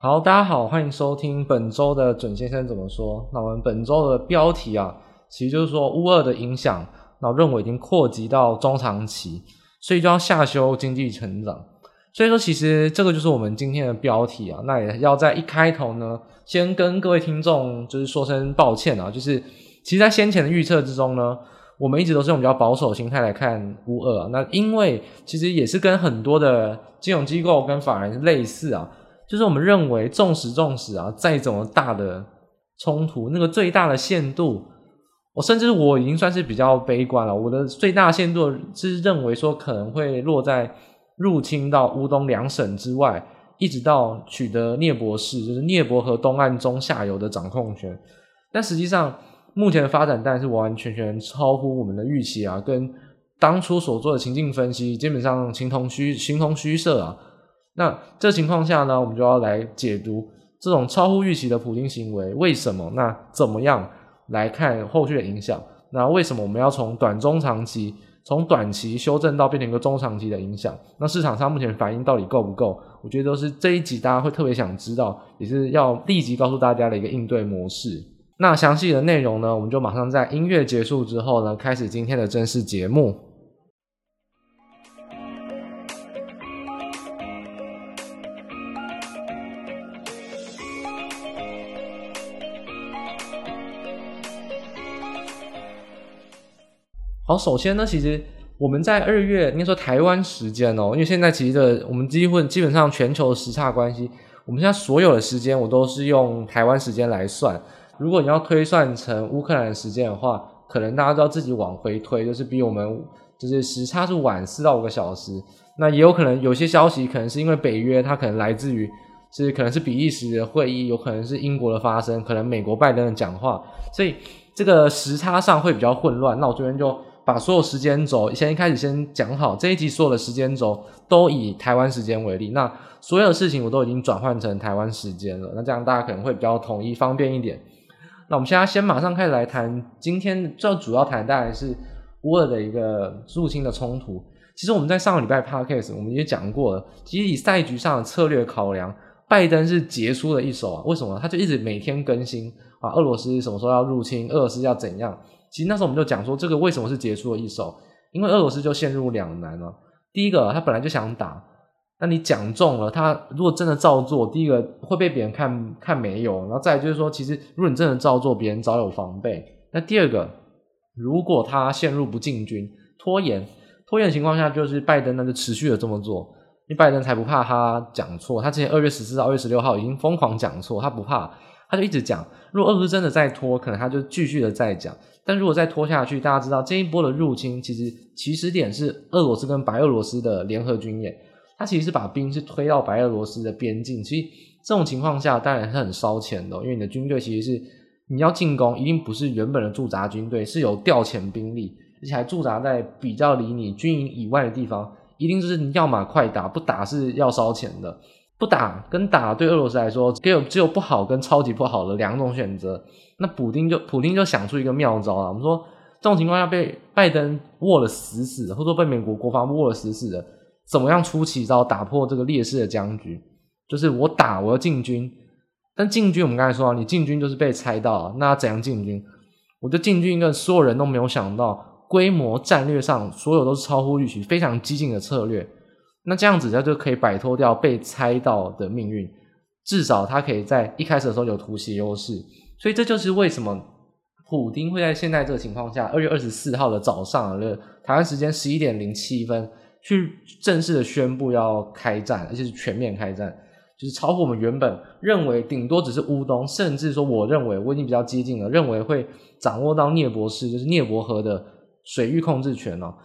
好，大家好，歡迎收聽本周的隼先生怎麼說。那我們本周的標題啊，其實就是說烏俄的影響，那我認為已經擴及到中長期，所以就要下修經濟成長。所以說，其實這個就是我們今天的標題啊。那也要在一開頭呢，先跟各位聽眾就是說聲抱歉啊，就是其實，在先前的預測之中呢，我們一直都是用比較保守的心態來看烏俄啊。那因為其實也是跟很多的金融機構跟法人類似啊。就是我們認為，縱使縱使啊，再怎麼大的衝突，那個最大的限度，我甚至我已經算是比較悲觀了。我的最大的限度是認為說，可能會落在入侵到烏東兩省之外，一直到取得聶伯市，就是聶伯河東岸中下游的掌控權。但實際上，目前的發展當然是完完全全超乎我們的預期啊，跟當初所做的情境分析，基本上形同虛形同虛設啊。那這情況下呢，我們就要來解讀這種超乎預期的普丁行為為什麼？那怎麼樣來看後續的影響？那為什麼我們要從短中長期，從短期修正到變成一個中長期的影響？那市場上目前反應到底夠不夠？我覺得都是這一集大家會特別想知道，也是要立即告訴大家的一個應對模式。那詳細的內容呢，我們就馬上在音樂結束之後呢，開始今天的正式節目。好，首先呢，其實我們在二月應該說台灣時間哦、喔，因為現在其實的、這個、我們幾乎基本上全球時差關係，我們現在所有的時間我都是用台灣時間來算。如果你要推算成烏克蘭時間的話，可能大家都要自己往回推，就是比我們就是時差是晚四到五個小時。那也有可能有些消息可能是因為北約它可能來自於是可能是比利時的會議，有可能是英國的發聲，可能美國拜登的講話，所以這個時差上會比較混亂，那我這邊就。把所有時間軸先開始先講好，這一集所有的時間軸都以台灣時間為例。那所有的事情我都已經轉換成台灣時間了，那這樣大家可能會比較統一方便一點。那我們現在先馬上開始來談今天最主要談的，大概是烏俄的一個入侵的衝突。其實我們在上個禮拜 Podcast 我們也講過了，其實以賽局上的策略考量，拜登是傑出的一手。啊，為什麼？他就一直每天更新啊，俄羅斯什麼時候要入侵，俄羅斯要怎樣。其實那時候我們就講說，這個為什麼是傑出的一手？因為俄羅斯就陷入兩難了。第一個，他本來就想打，那你講中了，他如果真的照做，第一個會被別人看看沒有，然後再就是說，其實如果你真的照做，別人早有防備。那第二個，如果他陷入不進軍、拖延、拖延的情況下，就是拜登那就持續的這麼做，你拜登才不怕他講錯。他之前二月十四到二月十六號已經瘋狂講錯，他不怕，他就一直講。如果俄羅斯真的在拖，可能他就繼續的在講。但如果再拖下去，大家知道這一波的入侵，其實起始點是俄羅斯跟白俄羅斯的聯合軍演，它其實是把兵是推到白俄羅斯的邊境。其實這種情況下，當然是很燒錢的，因為你的軍隊其實是你要進攻，一定不是原本的駐紮軍隊，是有調遣兵力，而且還駐紮在比較離你軍營以外的地方，一定就是你要麼快打，不打是要燒錢的。不打跟打對俄羅斯來說，只有只有不好跟超級不好的兩種選擇。那普丁就普丁就想出一個妙招啊，我們說，這種情況下被拜登握了死死的，或者說被美國國防部握了死死的，怎麼樣出奇招打破這個劣勢的僵局？就是我打，我要進軍。但進軍，我們剛才說啊，你進軍就是被猜到。那怎樣進軍？我就進軍一個所有人都沒有想到，規模、戰略上所有都是超乎預期、非常激進的策略。那這樣子，他就可以擺脫掉被猜到的命運，至少他可以在一開始的時候有突襲優勢。所以這就是為什麼普丁會在現在這個情況下，二月二十四號的早上，就是、台灣時間十一點零七分，去正式的宣布要開戰，而且是全面開戰，就是超過我們原本認為頂多只是烏東，甚至說我認為我已經比較激進了，認為會掌握到涅伯士，就是涅伯河的水域控制權了、喔。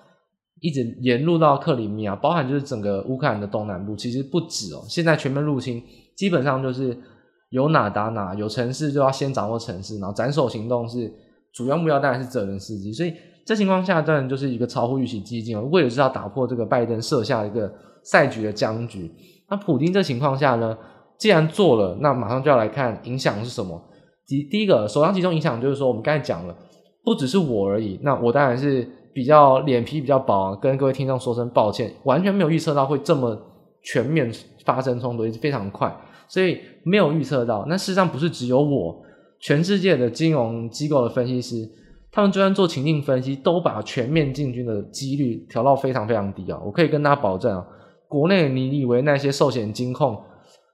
一直沿路到克里米亞，包含就是整個烏克蘭的東南部，其實不止哦。現在全面入侵，基本上就是有哪打哪，有城市就要先掌握城市，然後斬首行動是主要目標，當然是澤連斯基。所以這情況下當然就是一個超乎預期激進、哦，為了是要打破這個拜登設下一個賽局的僵局。那普丁這情況下呢，既然做了，那馬上就要來看影響是什麼。第第一個首當其衝影響就是說，我們剛才講了，不只是我而已，那我當然是。比較臉皮比較薄，啊，跟各位聽眾說聲抱歉，完全沒有預測到會這麼全面發生衝突，也是非常快，所以沒有預測到。那事實上不是只有我，全世界的金融機構的分析師，他們就算做情境分析，都把全面進軍的幾率調到非常非常低啊！我可以跟大家保證啊，國內你以為那些壽險金控，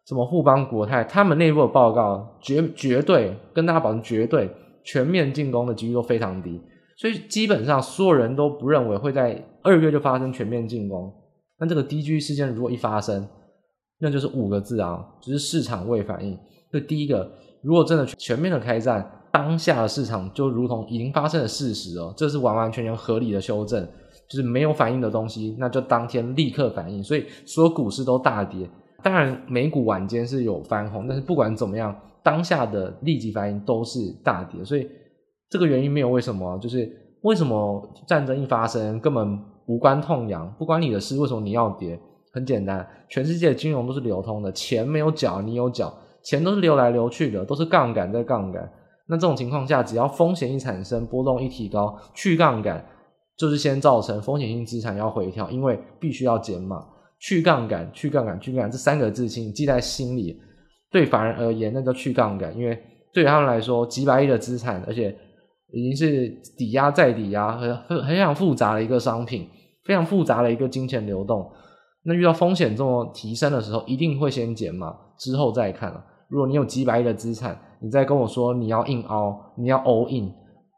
什麼富邦國泰，他們內部的報告，絕絕對跟大家保證，絕對全面進攻的幾率都非常低。所以基本上所有人都不認為會在二月就發生全面進攻。那這個 DG 事件如果一發生，那就是五個字啊，就是市場未反應。就第一個，如果真的全面的開戰，當下的市場就如同已經發生的事實哦、喔，這是完完全全合理的修正，就是沒有反應的東西，那就當天立刻反應。所以所有股市都大跌。當然美股晚間是有翻紅，但是不管怎麼樣，當下的立即反應都是大跌。所以。這個原因沒有為什麼、啊，就是為什麼戰爭一發生根本無關痛癢，不關你的事。為什麼你要跌？很簡單，全世界的金融都是流通的，錢沒有腳，你有腳，錢都是流來流去的，都是槓桿在槓桿。那這種情況下，只要風險一產生，波動一提高，去槓桿就是先造成風險性資產要回調，因為必須要減碼。去槓桿，去槓桿，去槓桿，槓桿這三個字，請你記在心裡。對法人而言，那叫去槓桿，因為對他們來說，幾百億的資產，而且。已經是抵押再抵押，很很很複雜的一個商品，非常複雜的一個金錢流動。那遇到風險這麼提升的時候，一定會先減嘛，之後再看啊。如果你有幾百億的資產，你再跟我說你要硬凹，你要 all in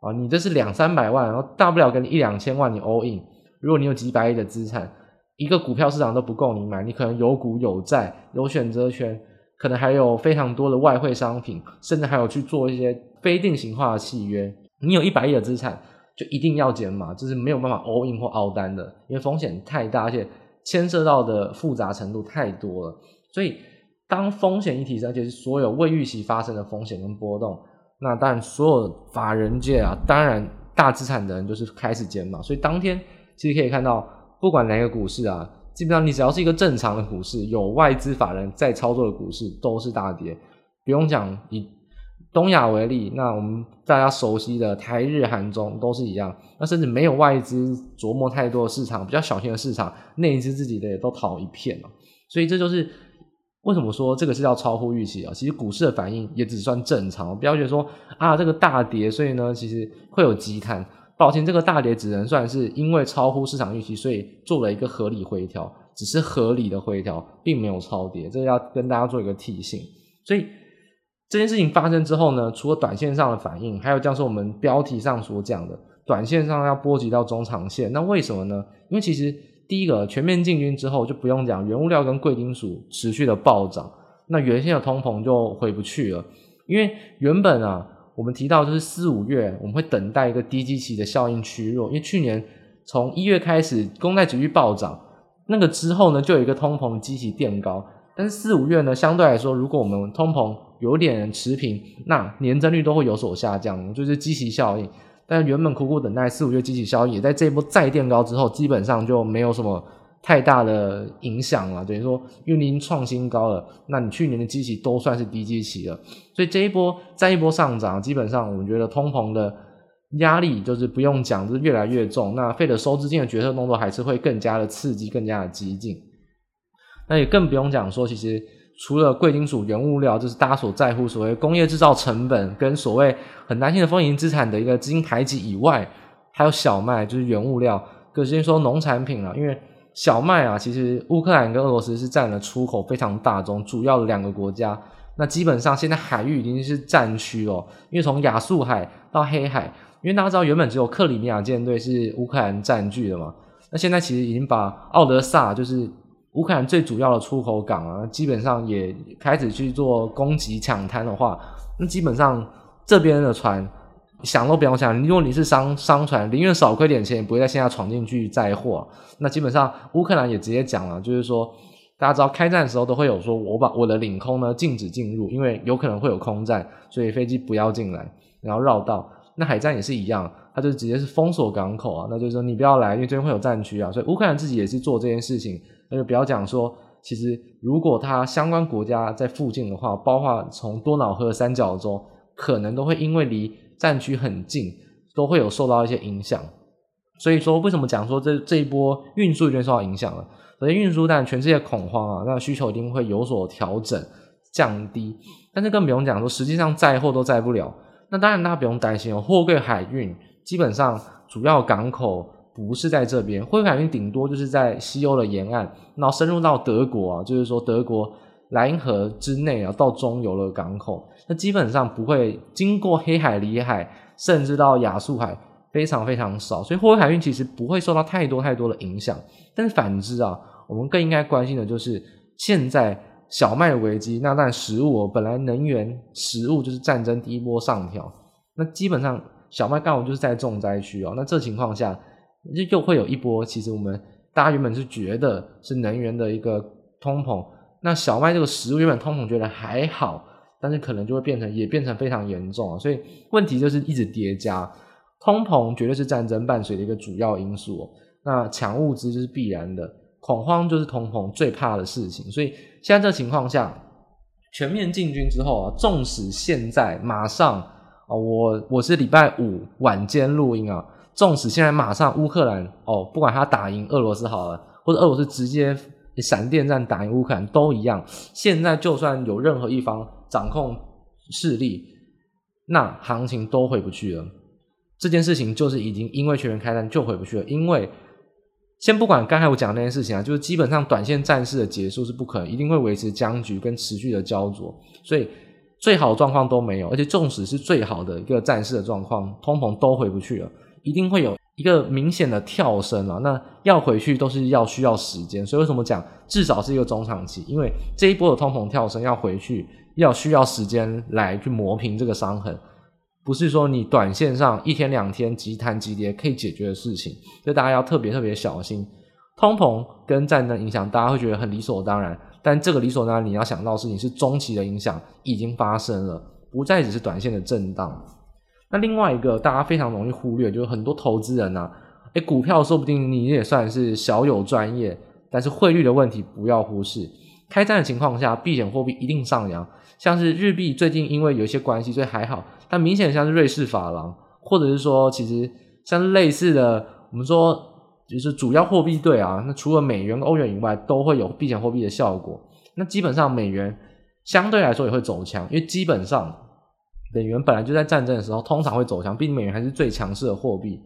啊，你這是兩三百萬，然後大不了給你一兩千萬你 all in。如果你有幾百億的資產，一個股票市場都不夠你買，你可能有股有債有選擇權，可能還有非常多的外匯商品，甚至還有去做一些非定型化的契約。你有一百億的資產，就一定要減碼，這是沒有辦法 all in 或 all down 的，因為風險太大，而且牽涉到的複雜程度太多了。所以當風險一提升，而且是所有未預期發生的風險跟波動，那當然所有法人界啊，當然大資產的人就是開始減碼。所以當天其實可以看到，不管哪個股市啊，基本上你只要是一個正常的股市，有外資法人在操作的股市都是大跌，不用講你。東亞為例，那我們大家熟悉的台日韓中都是一樣，那甚至沒有外資琢磨太多的市場，比較小型的市場，內資自己的也都淘一片了。所以這就是為什麼說這個是叫超乎預期啊。其實股市的反應也只算正常，不要覺得說啊這個大跌，所以呢其實會有積碳。抱歉，這個大跌只能算是因為超乎市場預期，所以做了一個合理回調，只是合理的回調，並沒有超跌。這個要跟大家做一個提醒，所以。這件事情發生之後呢，除了短線上的反應，還有像是我們標題上所講的，短線上要波及到中長線，那為什麼呢？因為其實第一個全面進軍之後，就不用講原物料跟貴金屬持續的暴漲，那原先的通膨就回不去了。因為原本啊，我們提到就是四五月我們會等待一個低基期的效應趨弱，因為去年從一月開始供帶持續暴漲，那個之後呢就有一個通膨基期墊高，但是四五月呢相對來說，如果我們通膨有點持平，那年增率，都會有所下降，就是基期效應。但原本苦苦等待四五月基期效應，也在這一波再墊高之後，基本上就沒有什麼太大的影響了。等於說，因為您創新高了，那你去年的基期都算是低基期了。所以這一波再一波上漲，基本上我們覺得通膨的壓力就是不用講，就是越來越重。那費得收資金的決策動作，還是會更加的刺激，更加的激進。那也更不用講說，其實。除了貴金屬原物料，就是大家所在乎所謂工業製造成本跟所謂很擔心的風險資產的一個資金排擠以外，還有小麥就是原物料，可是先說農產品啦、啊，因為小麥啊，其實烏克蘭跟俄羅斯是佔了出口非常大宗主要的兩個國家。那基本上現在海域已經是戰區了，因為從亞速海到黑海，因為大家知道原本只有克里米亞艦隊是烏克蘭佔據的嘛，那現在其實已經把奧德薩就是。烏克蘭最主要的出口港啊，基本上也開始去做攻擊搶灘的話，那基本上這邊的船想都不用想，如果你是商商船，寧願少虧點錢，也不會在現在闖進去載貨啊。那基本上烏克蘭也直接講了啊，就是說大家知道開戰的時候都會有說，我把我的領空呢禁止進入，因為有可能會有空戰，所以飛機不要進來，然後繞道。那海戰也是一樣，它就直接是封鎖港口啊，那就是說你不要來，因為這邊會有戰區啊，所以烏克蘭自己也是做這件事情。那就不要講說，其實如果它相關國家在附近的話，包括從多瑙河三角洲，可能都會因為離戰區很近，都會有受到一些影響。所以說，為什麼講說這這一波運輸已經受到影響了？首先運輸，當然全世界恐慌啊，那需求一定會有所調整降低。但是更不用講說，實際上載貨都載不了。那當然大家不用擔心哦，貨櫃海運基本上主要港口。不是在這邊，貨運海運頂多就是在西歐的沿岸，然後深入到德國啊，就是說德國萊茵河之內啊，到中游的港口，那基本上不會經過黑海裡海，甚至到亞速海非常非常少，所以貨運海運其實不會受到太多太多的影響。但是反之啊，我們更應該關心的就是現在小麥的危機，那但食物、哦、本來能源食物就是戰爭第一波上調，那基本上小麥剛好就是在重災區哦，那這情況下。又會有一波。其實我們大家原本是覺得是能源的一個通膨，那小麥這個食物原本通膨覺得還好，但是可能就會變成也變成非常嚴重啊。所以問題就是一直疊加，通膨絕對是戰爭伴隨的一個主要因素啊。那搶物資就是必然的，恐慌就是通膨最怕的事情。所以現在這個情況下，全面進軍之後啊，縱使現在馬上啊，哦，我我是禮拜五晚間錄音啊。縱使現在馬上烏克蘭哦，不管他打贏俄羅斯好了，或者俄羅斯直接閃電戰打贏烏克蘭都一樣。現在就算有任何一方掌控勢力，那行情都回不去了。這件事情就是已經因為全面開戰就回不去了。因為先不管剛才我講的那件事情啊，就是基本上短線戰事的結束是不可能，一定會維持僵局跟持續的膠著。所以最好的狀況都沒有，而且縱使是最好的一個戰事的狀況，通膨都回不去了。一定會有一個明顯的跳升啊，那要回去都是要需要時間，所以為什麼講至少是一個中長期？因為這一波的通膨跳升要回去，要需要時間來去磨平這個傷痕，不是說你短線上一天兩天急彈急跌可以解決的事情，所以大家要特別特別小心。通膨跟戰爭影響，大家會覺得很理所當然，但這個理所當然你要想到是你是中期的影響已經發生了，不再只是短線的震盪。那另外一個大家非常容易忽略，就是很多投資人呢、啊，誒，股票說不定你也算是小有專業，但是匯率的問題不要忽視。開戰的情況下，避險貨幣一定上揚，像是日幣最近因為有一些關係，所以還好，但明顯像是瑞士法郎，或者是說其實像類似的，我們說就是主要貨幣對啊，那除了美元、歐元以外，都會有避險貨幣的效果。那基本上美元相對來說也會走強，因為基本上。美元本來就在戰爭的時候通常會走強，畢竟美元還是最強勢的貨幣。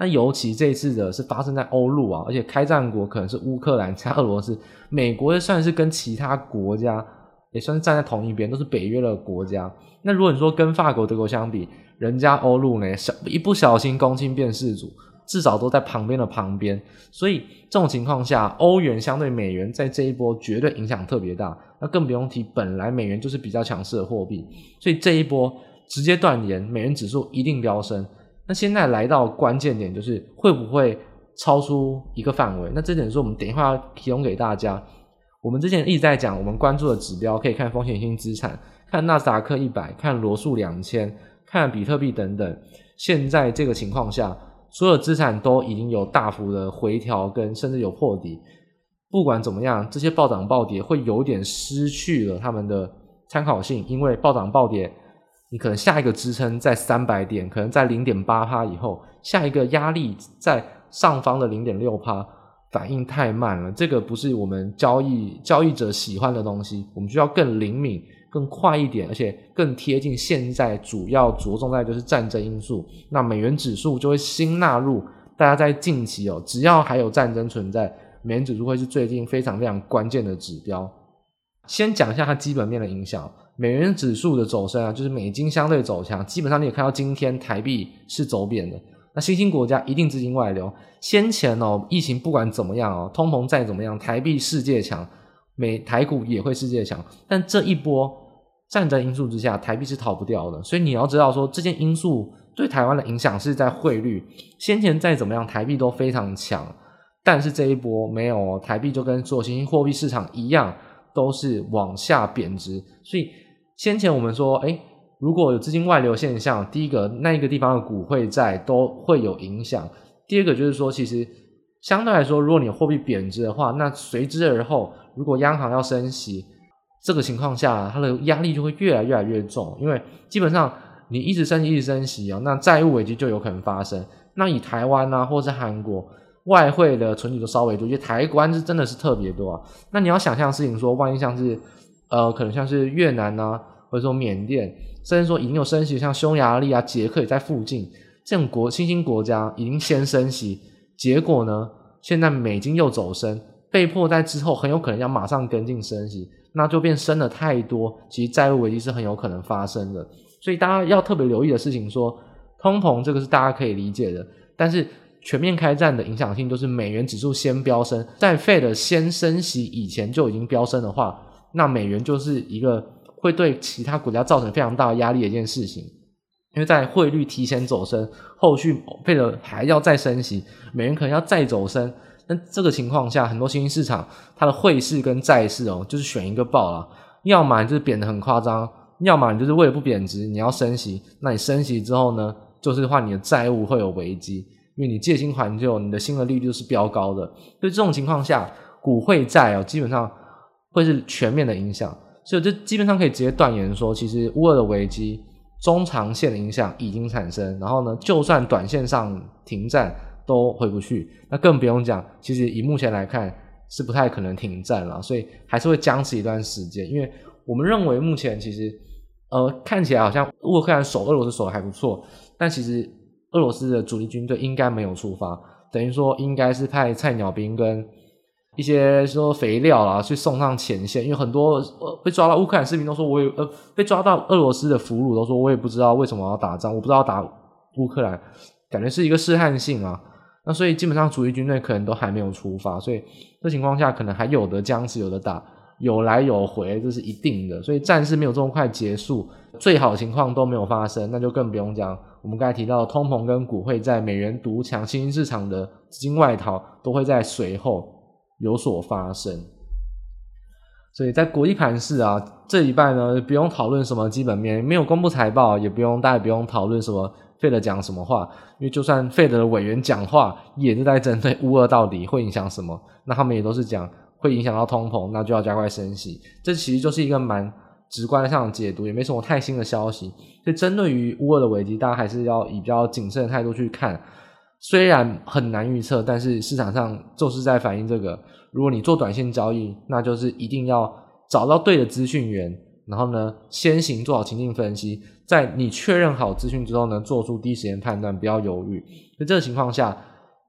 那尤其這次的是發生在歐陸啊，而且開戰國可能是烏克蘭加俄羅斯，美國也算是跟其他國家也算是站在同一邊，都是北約的國家。那如果你說跟法國、德國相比，人家歐陸呢，小一不小心攻侵變世主。至少都在旁邊的旁邊，所以這種情況下，歐元相對美元在這一波絕對影響特別大。那更不用提本來美元就是比較強勢的貨幣，所以這一波直接斷言美元指數一定飆升。那現在來到關鍵點，就是會不會超出一個範圍？那這點是我們等一下要提供給大家。我們之前一直在講，我們關注的指標可以看風險性資產，看納斯達克一百，看羅素兩千，看比特幣等等。現在這個情況下。所有資產都已經有大幅的回調，跟甚至有破底。不管怎麼樣，這些暴漲暴跌會有點失去了他們的參考性，因為暴漲暴跌，你可能下一個支撐在三百點，可能在零點八趴以後，下一個壓力在上方的零點六趴，反應太慢了。這個不是我們交易交易者喜歡的東西，我們需要更靈敏。更快一點，而且更貼近現在主要着重在就是戰爭因素。那美元指數就會新納入，大家在近期哦，只要還有戰爭存在，美元指數會是最近非常非常關鍵的指標。先講一下它基本面的影響，美元指數的走升啊，就是美金相對走強，基本上你也看到今天台幣是走貶的。那新興國家一定資金外流，先前哦，疫情不管怎麼樣哦，通膨再怎麼樣，台幣世界強。美台股也會世界強，但這一波戰爭因素之下，台幣是逃不掉的。所以你要知道說，說這件因素對台灣的影響是在匯率。先前再怎麼樣，台幣都非常強，但是這一波沒有台幣就跟做新興貨幣市場一樣，都是往下貶值。所以先前我們說，誒，如果有資金外流現象，第一個那一個地方的股匯債都會有影響。第二個就是說，其實。相對來說，如果你貨幣貶值的話，那隨之而後，如果央行要升息，這個情況下啊，它的壓力就會越來越來越重。因為基本上你一直升息，一直升息啊，那債務危機就有可能發生。那以台灣啊，或是韓國外匯的存底都稍微多一些，因為台灣是真的是特別多啊。那你要想象事情說，萬一像是呃，可能像是越南啊，或者說緬甸，甚至說已經有升息，像匈牙利啊、捷克也在附近，這種國新興國家已經先升息。結果呢？現在美金又走升，被迫在之後很有可能要馬上跟進升息，那就變升了太多。其實債務危機是很有可能發生的，所以大家要特別留意的事情說，說通膨這個是大家可以理解的，但是全面開戰的影響性，就是美元指數先飆升，在 Fed 先升息以前就已經飆升的話，那美元就是一個會對其他國家造成非常大的壓力的一件事情。因為在匯率提前走升，後續配了還要再升息，美元可能要再走升。那這個情況下，很多新興市場它的匯市跟債市哦、喔，就是選一個爆了。要麼你就是貶的很誇張，要麼你就是為了不貶值，你要升息。那你升息之後呢，就是的話你的債務會有危機，因為你借新還舊，你的新的利率就是飆高的。所以這種情況下，股匯債哦，基本上會是全面的影響。所以這基本上可以直接斷言說，其實烏俄的危機。中長線的影響已經產生，然後呢，就算短線上停戰都回不去，那更不用講。其實以目前來看是不太可能停戰了，所以還是會僵持一段時間。因為我們認為目前其實，呃，看起來好像烏克蘭守俄羅斯守得還不錯，但其實俄羅斯的主力軍隊應該沒有出發，等於說應該是派菜鳥兵跟。一些說肥料啦，去送上前線，因為很多、呃、被抓到烏克蘭士兵都說我也呃被抓到俄羅斯的俘虜都說我也不知道為什麼要打仗，我不知道打烏克蘭，感覺是一個試探性啊。那所以基本上主力軍隊可能都還沒有出發，所以這情況下可能還有的僵持，有的打，有來有回，這是一定的。所以戰事沒有這麼快結束，最好情況都沒有發生，那就更不用講。我們剛才提到的通膨跟股匯在美元獨強新興市場的資金外逃，都會在隨後。有所發生，所以在國際盤勢啊，這禮拜呢，不用討論什麼基本面，沒有公布財報，也不用大家不用討論什麼費德講什麼話，因為就算費德的委員講話也是在針對烏俄到底會影響什麼，那他們也都是講會影響到通膨，那就要加快升息，這其實就是一個蠻直觀上的上解讀，也沒什麼太新的消息，所以針對於烏俄的危機，大家還是要以比較謹慎的態度去看。雖然很難預測，但是市場上就是在反映這個。如果你做短線交易，那就是一定要找到對的資訊源，然後呢，先行做好情境分析，在你確認好資訊之後呢，做出第一時間判斷，不要猶豫。在這個情況下，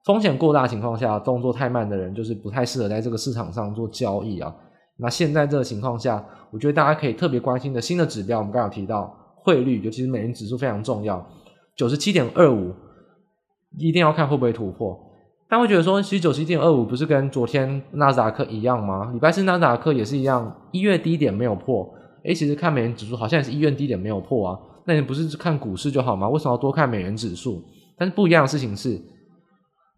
風險過大情況下，動作太慢的人就是不太適合在這個市場上做交易啊。那現在這個情況下，我覺得大家可以特別關心的新的指標，我們剛才提到匯率，尤其是美元指數非常重要，九十七點二五。一定要看會不會突破，但我覺得說，其實九十七點二五不是跟昨天納斯達克一樣嗎？禮拜四納斯達克也是一樣，一月低點沒有破。哎、欸，其實看美元指數好像也是1月低點沒有破啊，那你不是看股市就好嗎？為什麼要多看美元指數？但是不一樣的事情是，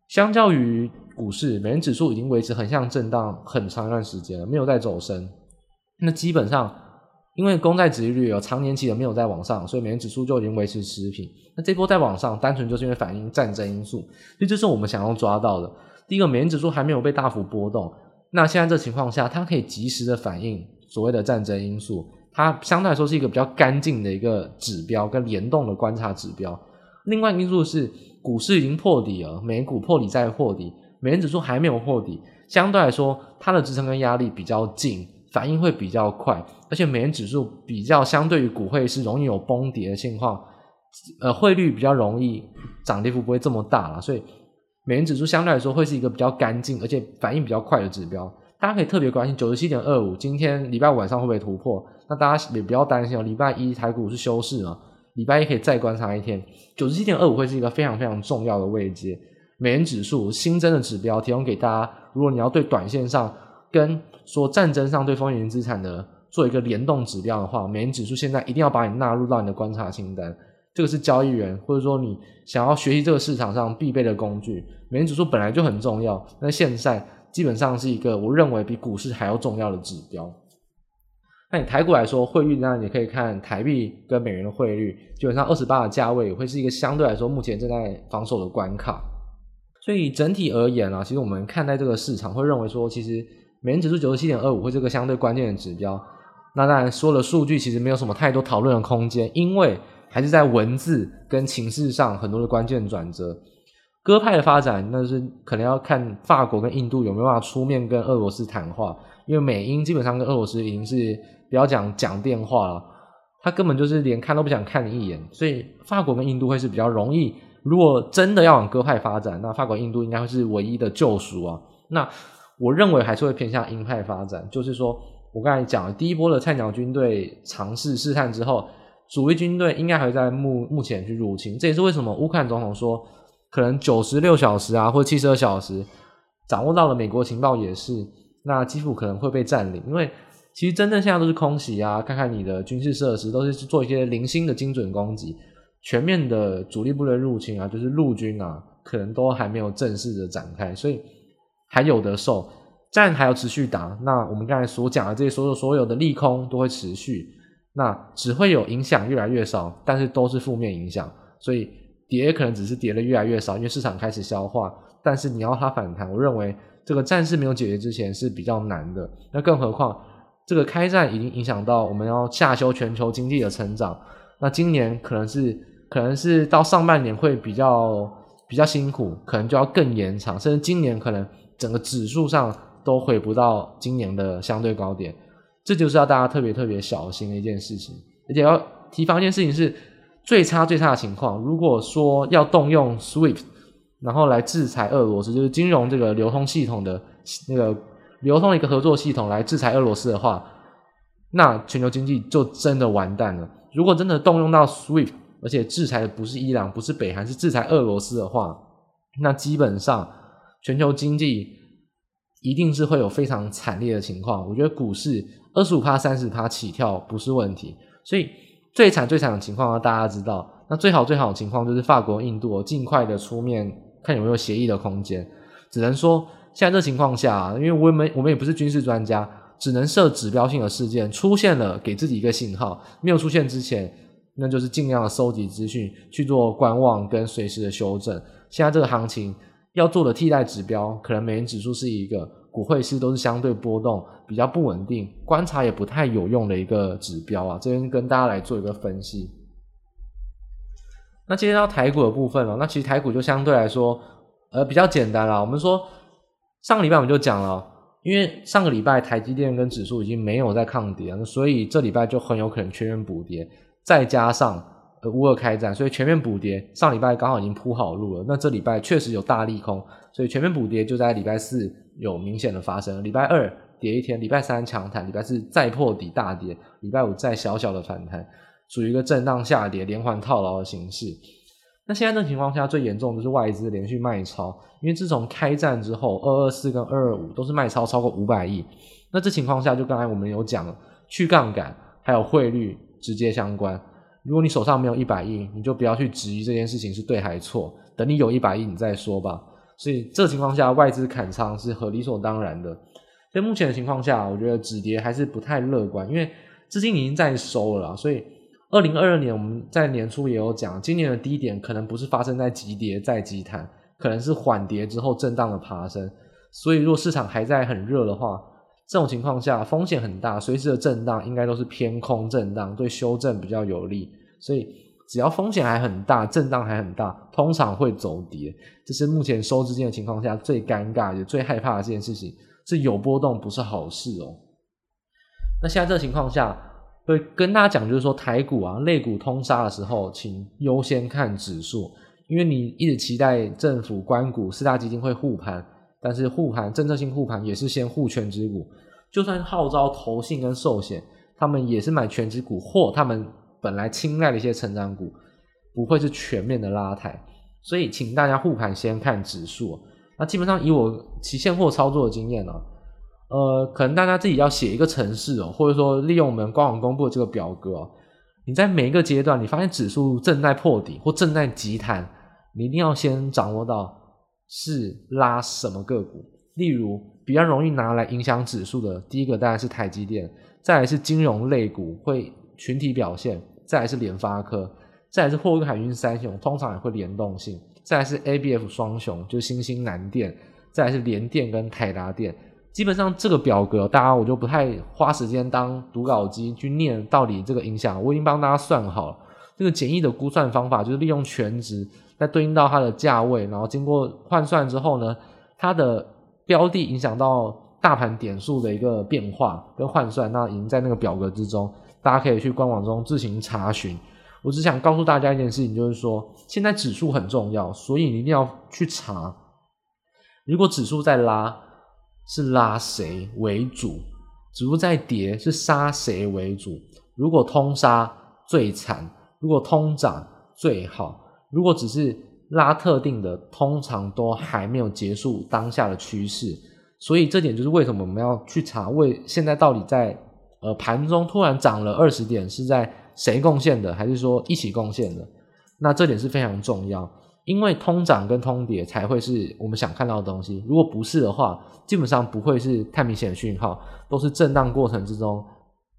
相較於股市，美元指數已經維持橫向震盪很長一段時間了，沒有再走升，那基本上。因為公債殖利率有長年期的沒有再往上，所以美元指數就已經維持持平。那這波再往上，單純就是因為反映戰爭因素，所以這是我們想要抓到的。第一個，美元指數還沒有被大幅波動。那現在這情況下，它可以及時的反映所謂的戰爭因素，它相對來說是一個比較乾淨的一個指標跟聯動的觀察指標。另外一個因素是股市已經破底了，美股破底再破底，美元指數還沒有破底，相對來說它的支撐跟壓力比較近。反應會比較快，而且美元指數比較相對於股會是容易有崩跌的情況，呃，匯率比較容易漲跌幅不會這麼大了，所以美元指數相對來說會是一個比較乾淨而且反應比較快的指標，大家可以特別關心九十七點二五，今天禮拜五晚上會不會突破，那大家也不要擔心哦，禮拜一台股是休市啊，禮拜一可以再觀察一天，九十七點二五會是一個非常非常重要的位置。美元指數新增的指標提供給大家，如果你要對短線上跟。說戰爭上對風險資產的做一個聯動指標的話，美元指數現在一定要把你納入到你的觀察清單。這個是交易員，或者說你想要學習這個市場上必備的工具。美元指數本來就很重要，那現在基本上是一個我認為比股市還要重要的指標。那你台股來說，匯率，那你可以看台幣跟美元的匯率，基本上二十八的價位也會是一個相對來說目前正在防守的關卡。所以，以整體而言啊，其實我們看待這個市場會認為說，其實。美元指數九十七點二五，會是個相對關鍵的指標。那當然說了數據，其實沒有什麼太多討論的空間，因為還是在文字跟情勢上很多的關鍵的轉折。鴿派的發展，那是可能要看法國跟印度有沒有辦法出面跟俄羅斯談話，因為美英基本上跟俄羅斯已經是比較講講電話了，他根本就是連看都不想看你一眼。所以法國跟印度會是比較容易。如果真的要往鴿派發展，那法國、印度應該會是唯一的救贖啊。那，我認為還是會偏向鷹派發展，就是說我剛才講了，第一波的菜鳥軍隊嘗試試探之後，主力軍隊應該還會在目目前去入侵。這也是為什麼烏克蘭總統說可能九十六小時啊，或七十二小時，掌握到了美國情報也是，那基輔可能會被占領。因為其實真正現在都是空襲啊，看看你的軍事設施都是做一些零星的精準攻擊，全面的主力部隊入侵啊，就是陸軍啊，可能都還沒有正式的展開，所以。還有的受戰還要持續打，那我們剛才所講的這些所有所有的利空都會持續，那只會有影響越來越少，但是都是負面影響，所以跌可能只是跌的越來越少，因為市場開始消化。但是你要它反彈，我認為這個戰事沒有解決之前是比較難的。那更何況這個開戰已經影響到我們要下修全球經濟的成長，那今年可能是可能是到上半年會比較比較辛苦，可能就要更延長，甚至今年可能。整個指數上都回不到今年的相對高點，這就是要大家特別特別小心的一件事情。而且要提防一件事情是最差最差的情況。如果說要動用 SWIFT，然後來制裁俄羅斯，就是金融這個流通系統的那個流通的一個合作系統來制裁俄羅斯的話，那全球經濟就真的完蛋了。如果真的動用到 SWIFT，而且制裁的不是伊朗，不是北韓，是制裁俄羅斯的話，那基本上。全球經濟一定是會有非常慘烈的情況，我覺得股市二十五趴、三十趴起跳不是問題。所以最慘、最慘的情況啊，大家知道。那最好、最好的情況就是法國、印度儘快的出面，看有沒有協議的空間。只能說現在這個情況下啊，因為我們我們也不是軍事專家，只能設指標性的事件出現了，給自己一個信號；沒有出現之前，那就是儘量的收集資訊，去做觀望跟隨時的修正。現在這個行情。要做的替代指標，可能美元指數是一個，股匯市都是相對波動比較不穩定，觀察也不太有用的一個指標啊。這邊跟大家來做一個分析。那接下來到台股的部分了，喔，那其實台股就相對來說，呃，比較簡單啦。我們說上個禮拜我們就講了，因為上個禮拜台積電跟指數已經沒有在抗跌了，所以這禮拜就很有可能確認補跌，再加上。呃，烏俄開戰，所以全面補跌。上禮拜剛好已經鋪好路了，那這禮拜確實有大利空，所以全面補跌就在禮拜四有明顯的發生。禮拜二跌一天，禮拜三強彈，禮拜四再破底大跌，禮拜五再小小的反彈，屬於一個震盪下跌，連環套牢的形式。那現在這個情況下，最嚴重的是外資連續賣超，因為自從開戰之後，二二四跟二二五都是賣超超過五百億。那這情況下，就剛才我們有講了，去槓桿還有匯率直接相關。如果你手上沒有一百億，你就不要去質疑這件事情是對還錯。等你有一百億，你再說吧。所以這情況下，外資砍倉是很理所當然的。在目前的情況下，我覺得止跌還是不太樂觀，因為資金已經在收了啦。所以，二零二二年我們在年初也有講，今年的低點可能不是發生在急跌再急彈，可能是緩跌之後震盪的爬升。所以，若市場還在很熱的話。這種情況下風險很大，隨時的震盪應該都是偏空震盪，對修正比較有利。所以只要風險還很大，震盪還很大，通常會走跌。這是目前收資金的情況下最尷尬也最害怕的這件事情，是有波動不是好事哦、喔。那現在這個情況下，會跟大家講就是說台股啊、類股通殺的時候，請優先看指數，因為你一直期待政府官股、四大基金會護盤。但是護盤政策性護盤也是先護權值股，就算號召投信跟壽險，他們也是買權值股或他們本來青睞的一些成長股，不會是全面的拉抬。所以請大家護盤先看指數。那基本上以我期現貨操作的經驗呢、啊，呃，可能大家自己要寫一個程式哦、啊，或者說利用我們官網公布的這個表格、啊，你在每一個階段，你發現指數正在破底或正在急彈，你一定要先掌握到。是拉什麼個股？例如，比較容易拿來影響指數的，第一個當然是台積電，再來是金融類股會群體表現，再來是聯發科，再來是貨櫃海運三雄，通常也會聯動性，再來是 ABF 雙雄，就是欣興南電，再來是聯電跟台達電。基本上這個表格，大家我就不太花時間當讀稿機去念到底這個影響，我已經幫大家算好了。這個簡易的估算方法，就是利用權值，在對應到它的價位，然後經過換算之後呢，它的標的影響到大盤點數的一個變化跟換算，那已經在那個表格之中，大家可以去官網中自行查詢。我只想告訴大家一件事情，就是說現在指數很重要，所以你一定要去查。如果指數在拉，是拉誰為主？指數在跌，是殺誰為主？如果通殺最慘。如果通漲最好，如果只是拉特定的，通常都還沒有結束當下的趨勢。所以這點就是為什麼我們要去查，為現在到底在呃盤中突然漲了二十點，是在誰貢獻的，還是說一起貢獻的？那這點是非常重要，因為通漲跟通跌才會是我們想看到的東西。如果不是的話，基本上不會是太明顯的訊號，都是震盪過程之中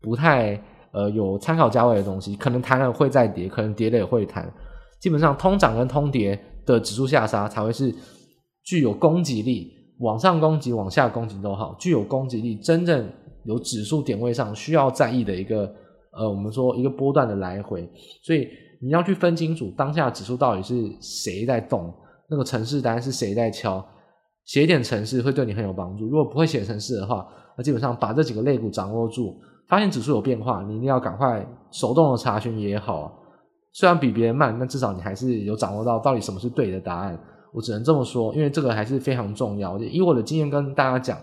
不太。呃，有參考價位的東西，可能彈了，會再跌，可能跌了也會彈。基本上，通漲跟通跌的指數下殺才會是具有攻擊力，往上攻擊、往下攻擊，都好。具有攻擊力，真正有指數點位上需要在意的一個，呃，我們說一個波段的來回。所以你要去分清楚當下指數到底是誰在動，那個程式單是誰在敲，寫點程式會對你很有幫助。如果不會寫程式的話，那基本上把這幾個類股掌握住，發現指數有變化，你一定要趕快手動的查詢也好，雖然比別人慢，但至少你還是有掌握到到底什麼是對的答案。我只能這麼說，因為這個還是非常重要。我以我的經驗跟大家講，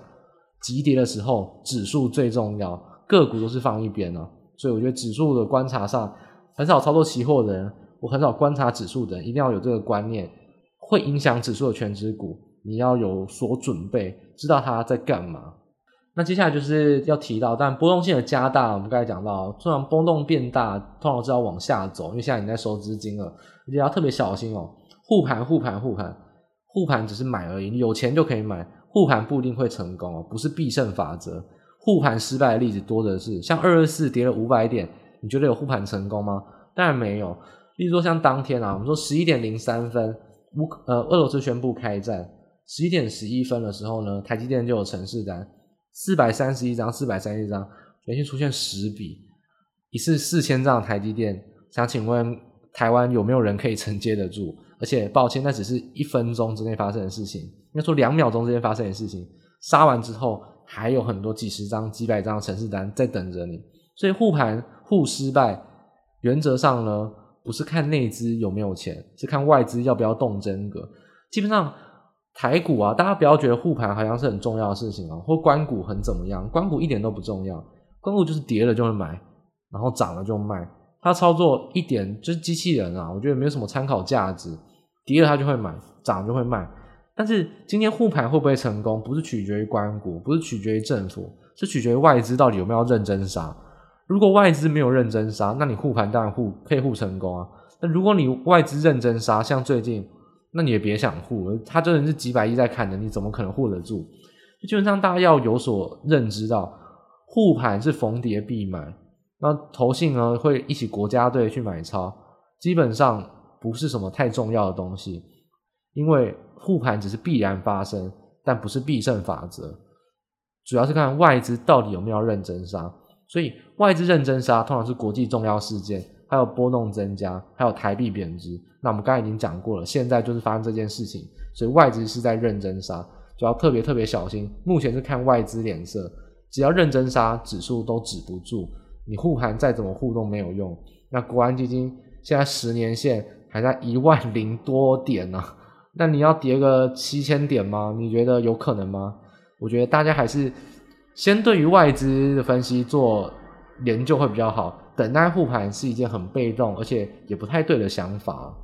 急跌的時候，指數最重要，個股都是放一邊的。所以我覺得指數的觀察上，很少操作期貨的人，我很少觀察指數的人，一定要有這個觀念，會影響指數的權值股，你要有所準備，知道它在幹嘛。那接下來就是要提到，但波動性的加大，我們剛才講到，通常波動變大，通常是要往下走，因為現在你在收資金了，你就要特別小心哦、喔。護盤、護盤、護盤、護盤，只是買而已，有錢就可以買。護盤不一定會成功哦、喔，不是必勝法則。護盤失敗的例子多的是，像二二四跌了五百點，你覺得有護盤成功嗎？當然沒有。例如說，像當天啊，我們說十一點零三分，烏呃，俄羅斯宣布開戰，十一點十一分的時候呢，台積電就有程式單。四百三十一張，四百三十一張連續出現十筆，一次四千張台積電，想請問台灣有沒有人可以承接得住？而且，抱歉，那只是一分鐘之內發生的事情，應該說兩秒鐘之間發生的事情。殺完之後，還有很多幾十張、幾百張程式單在等着你。所以，護盤、護失敗，原則上呢，不是看內資有沒有錢，是看外資要不要動真格。基本上。台股啊，大家不要覺得護盤好像是很重要的事情哦、喔，或官股很怎麼樣？官股一點都不重要，官股就是跌了就會買，然後漲了就賣，它操作一點就是機器人啊，我覺得沒有什麼參考價值。跌了它就會買，漲了就會賣。但是今天護盤會不會成功，不是取決於官股，不是取決於政府，是取決於外資到底有沒有認真殺。如果外資沒有認真殺，那你護盤當然護配護成功啊。那如果你外資認真殺，像最近。那你也別想護，他真的是幾百億在砍的，你怎麼可能護得住？就基本上大家要有所認知到，護盤是逢跌必買。那投信呢，會一起國家隊去買超，基本上不是什麼太重要的東西，因為護盤只是必然發生，但不是必勝法則。主要是看外資到底有沒有認真殺，所以外資認真殺通常是國際重要事件，還有波動增加，還有台幣貶值。那我們剛才已經講過了，現在就是發生這件事情，所以外資是在認真殺，就要特別特別小心。目前是看外資臉色，只要認真殺，指數都止不住。你護盤再怎麼護都沒有用。那國安基金現在十年線還在一萬零多點呢、啊，那你要跌個七千點嗎？你覺得有可能嗎？我覺得大家還是先對於外資的分析做研究會比較好。等待護盤是一件很被動，而且也不太對的想法。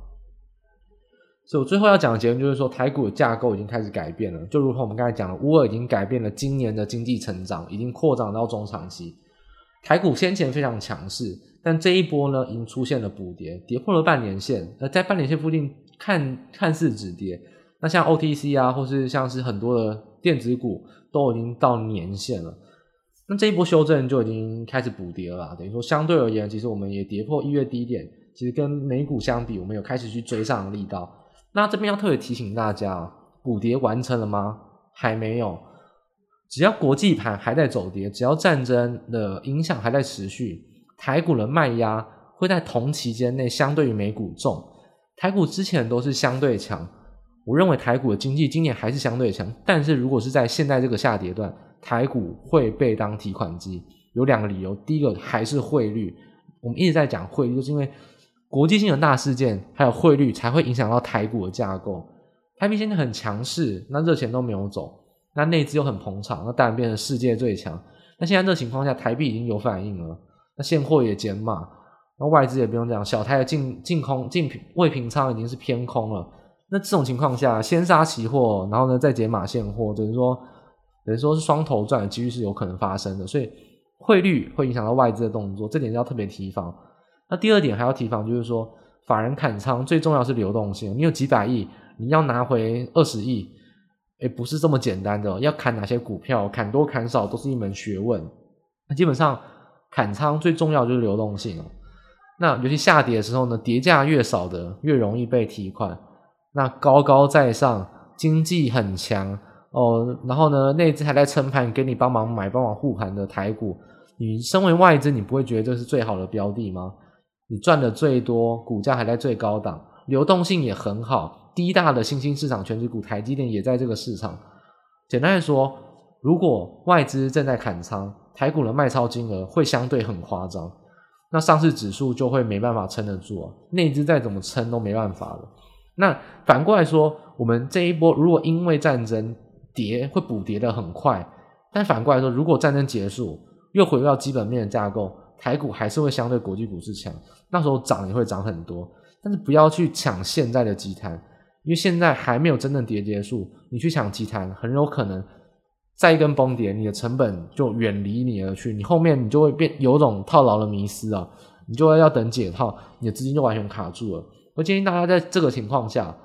所以我最後要講的結論就是說，台股的架構已經開始改變了。就如同我們剛才講的，烏俄已經改變了今年的經濟成長，已經擴張到中長期。台股先前非常強勢，但這一波呢，已經出現了補跌，跌破了半年線。那在半年線附近看，看看似止跌。那像 OTC 啊，或是像是很多的電子股，都已經到年線了。那這一波修正就已經開始補跌了，等於說相對而言，其實我們也跌破一月低點。其實跟美股相比，我們有開始去追上的力道。那這邊要特別提醒大家，補跌完成了嗎？還沒有。只要國際盤還在走跌，只要戰爭的影響還在持續，台股的賣壓會在同期間內相對於美股重。台股之前都是相對強，我認為台股的經濟今年還是相對強，但是如果是在現在這個下跌段，台股會被，被當提款機，有兩個理由。第一個還是匯率，我們一直在講匯率，就是因為國際性的大事件還有匯率才會影響到台股的架構。台幣現在很強勢，那熱錢都沒有走，那內資又很捧場，那當然變成世界最強。那現在這個情況下，台幣已經有反應了，那現貨也減碼，那外資也不用講，小台的淨淨空淨平未平倉已經是偏空了。那這種情況下，先殺期貨，然後呢再減碼現貨，就是說。等於說是雙頭賺的幾率是有可能發生的，所以匯率會影響到外資的動作，這點要特別提防。那第二點還要提防，就是說法人砍倉最重要是流動性，你有幾百億，你要拿回二十億，也、欸、不是這麼簡單的，要砍哪些股票，砍多砍少都是一門學問。那基本上砍倉最重要的就是流動性。那尤其下跌的時候呢，跌價越少的越容易被提款。那高高在上，經濟很強。哦，然後呢，內資還在撐盤，給你幫忙買、幫忙護盤的台股，你身為外資，你不會覺得這是最好的標的嗎？你賺的最多，股價還在最高檔，流動性也很好，第一大的新興市場權值股，台積電也在這個市場。簡單的說，如果外資正在砍倉，台股的賣超金額會相對很誇張，那上市指數就會沒辦法撐得住啊。內資再怎麼撐都沒辦法了。那反過來說，我們這一波如果因為戰爭，跌會補跌的很快，但反過來說，如果戰爭結束，又回到基本面的架構，台股還是會相對國際股市強。那時候漲也會漲很多，但是不要去搶現在的急彈，因為現在還沒有真正跌結束，你去搶急彈，很有可能再一根崩跌，你的成本就遠離你而去，你後面你就會變有種套牢的迷思啊，你就會要等解套，你的資金就完全卡住了。我建議大家在這個情況下。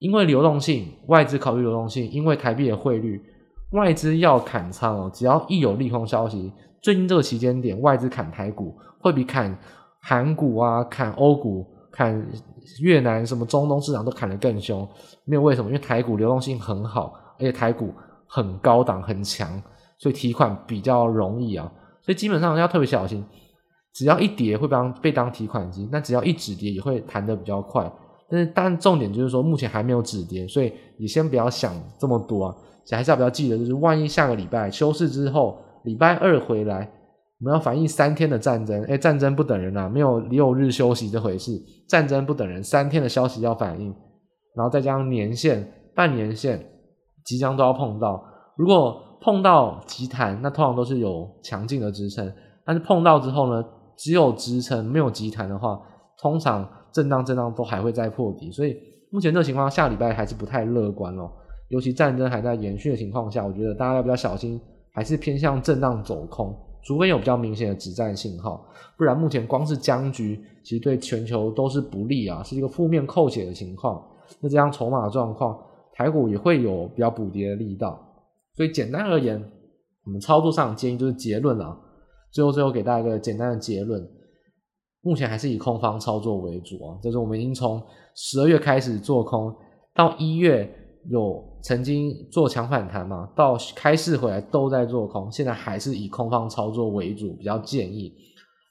因為流動性，外資考慮流動性，因為台幣的匯率，外資要砍倉哦。只要一有利空消息，最近這個期間點，外資砍台股會比砍韓股啊、砍歐股、砍越南、什麼中東市場都砍得更兇。沒有為什麼，因為台股流動性很好，而且台股很高檔很強，所以提款比較容易啊。所以基本上要特別小心，只要一跌會當被當提款機，但只要一止跌也會彈得比較快。但是，但重點就是說，目前還沒有止跌，所以你先不要想這麼多啊！其實還是要不要記得，就是萬一下個禮拜休市之後，禮拜二回來，我們要反映三天的戰爭。誒、欸、戰爭不等人吶、啊，沒有六日休息這回事，戰爭不等人，三天的消息要反映，然後再加上年線、半年線即將都要碰到。如果碰到急彈，那通常都是有強勁的支撐；但是碰到之後呢，只有支撐沒有急彈的話，通常。震盪震盪，都還會再破底，所以目前這個情況下，下禮拜還是不太樂觀哦，尤其戰爭還在延續的情況下，我覺得大家要比較小心，還是偏向震盪走空，除非有比較明顯的止戰信號，不然目前光是僵局，其實對全球都是不利啊，是一個負面扣血的情況。那這樣籌碼狀況，台股也會有比較補跌的力道。所以簡單而言，我們操作上的建議就是結論啊，最後最後給大家一個簡單的結論。目前還是以空方操作為主啊，就是我們已經從十二月開始做空，到一月有曾經做強反彈嘛，到開市回來都在做空，現在還是以空方操作為主。比較建議，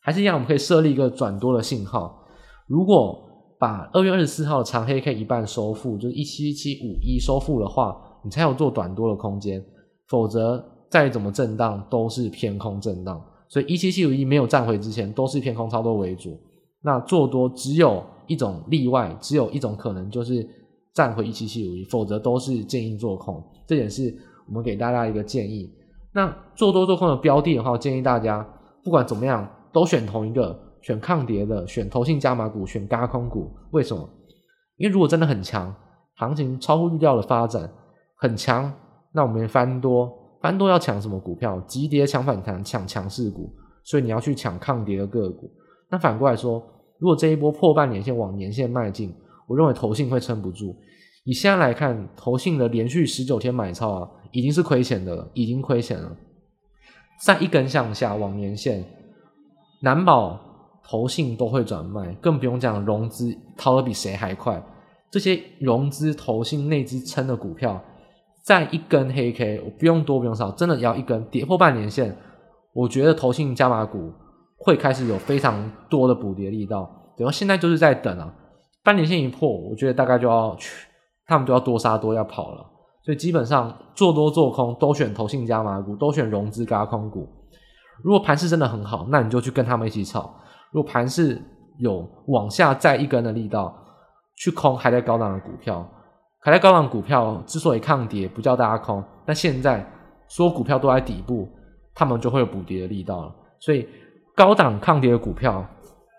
還是一樣，我們可以設立一個轉多的信號。如果把二月二十四號的長黑 K 一半收復，就是一七七五一收復的話，你才有做短多的空間，否則再怎麼震盪都是偏空震盪。所以，一七七五一沒有站回之前，都是偏空操作為主。那做多只有一種例外，只有一種可能，就是站回一七七五一，否則都是建議做空。這點是我們給大家一個建議。那做多做空的標的的話，建議大家不管怎麼樣都選同一個，選抗跌的，選投信加碼股，選嘎空股。為什麼？因為如果真的很強，行情超乎預料的發展很強，那我們翻多。那都要搶什麼股票？急跌搶反彈，搶強勢股。所以你要去搶抗跌的個股。那反過來說，如果這一波破半年線往年線邁進，我認為投信會撐不住。以現在來看，投信的連續十九天買超啊，已經是虧錢的了，已經虧錢了。再一根向下往年線，難保投信都會轉賣，更不用講融資掏的比誰還快。這些融資投信那支撐的股票。再一根黑 K，我不用多，不用少，真的要一根跌破半年線，我覺得投信加碼股會開始有非常多的補跌力道。對，現在就是在等啊，半年線一破，我覺得大概就要去，他們就要多殺多要跑了。所以基本上做多做空都選投信加碼股，都選融資軋空股。如果盤勢真的很好，那你就去跟他們一起炒；如果盤勢有往下再一根的力道，去空還在高檔的股票。還在高檔股票之所以抗跌，不叫大家空。那現在說股票都在底部，他們就會有補跌的力道了。所以高檔抗跌的股票，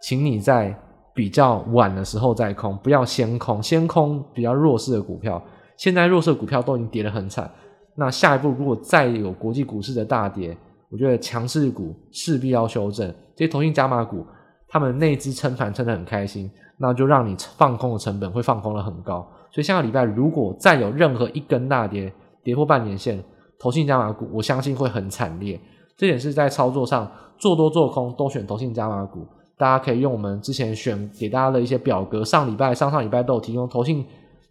請你在比較晚的時候再空，不要先空。先空比較弱勢的股票，現在弱勢的股票都已經跌得很慘。那下一步如果再有國際股市的大跌，我覺得強勢股勢必要修正。這些同性加碼股，他們內支撐盤撐得很開心，那就讓你放空的成本會放空的很高。所以下個禮拜，如果再有任何一根大跌，跌破半年線，投信加碼股，我相信會很慘烈。這點是在操作上，做多做空都選投信加碼股。大家可以用我們之前選給大家的一些表格，上禮拜、上上禮拜都有提供投信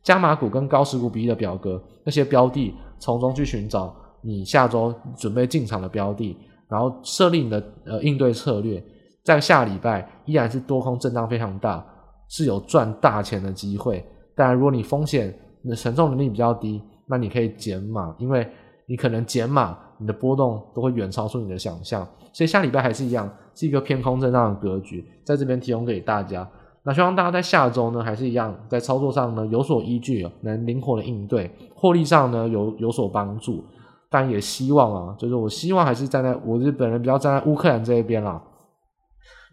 加碼股跟高持股比例的表格，那些標的從中去尋找你下周準備進場的標的，然後設立你的呃應對策略。在下禮拜依然是多空震盪非常大，是有賺大錢的機會。當然，如果你風險你的承受能力比較低，那你可以減碼，因為你可能減碼，你的波動都會遠超出你的想象。所以下禮拜還是一樣，是一個偏空震盪的格局，在這邊提供給大家。那希望大家在下周呢還是一樣，在操作上呢有所依據，能靈活的應對，獲利上呢有有所幫助。但也希望啊，就是我希望還是站在我本人比較站在烏克蘭這一邊啦、啊。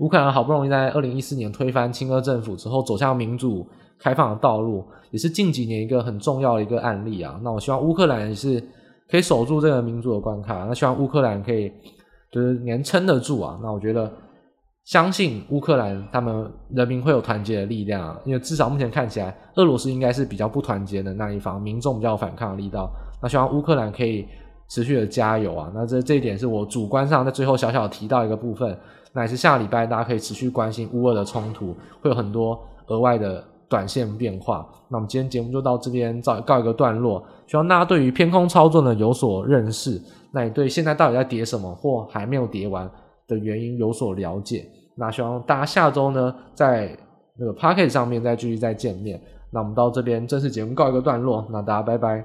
烏克蘭好不容易在二零一四年推翻親俄政府之後走向民主。開放的道路，也是近幾年一個很重要的一個案例啊。那我希望烏克蘭也是可以守住這個民主的關卡。那希望烏克蘭可以就是能撐得住啊。那我覺得相信烏克蘭他們人民會有團結的力量啊，因為至少目前看起來，俄羅斯應該是比較不團結的那一方，民眾比較有反抗的力道。那希望烏克蘭可以持續的加油啊。那這這一點是我主觀上在最後小小提到一個部分，那也是下個禮拜大家可以持續關心烏俄的衝突，會有很多額外的。短線變化，那我們今天節目就到這邊告告一個段落，希望大家對於偏空操作呢，有所認識，那你對現在到底在跌什麼或還沒有跌完的原因有所了解，那希望大家下周呢，在那個 Podcast 上面再繼續再見面，那我們到這邊正式節目告一個段落，那大家拜拜。